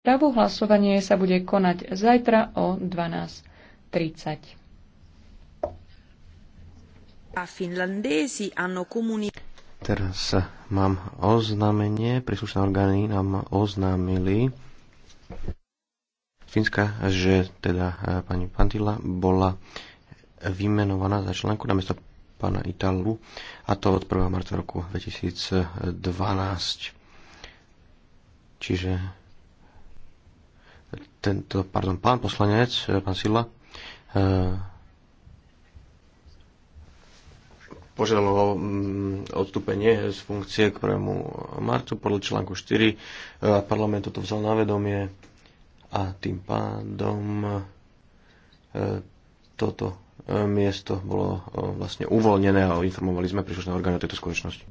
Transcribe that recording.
Pravú hlasovanie sa bude konať zajtra o 12.30. Teraz mám oznámenie, príslušné orgány nám oznámili Fínska, že teda eh, pani Pantila bola vymenovaná za členku na miesto pána Italu a to od 1. marca roku 2012. Čiže tento, pardon, pán poslanec, e, pán Sila, e, požiadal o mm, odstúpenie z funkcie k 1. marcu podľa článku 4. E, a Parlament toto vzal na vedomie a tým pádom toto miesto bolo vlastne uvoľnené a informovali sme príslušné orgány o tejto skutočnosti.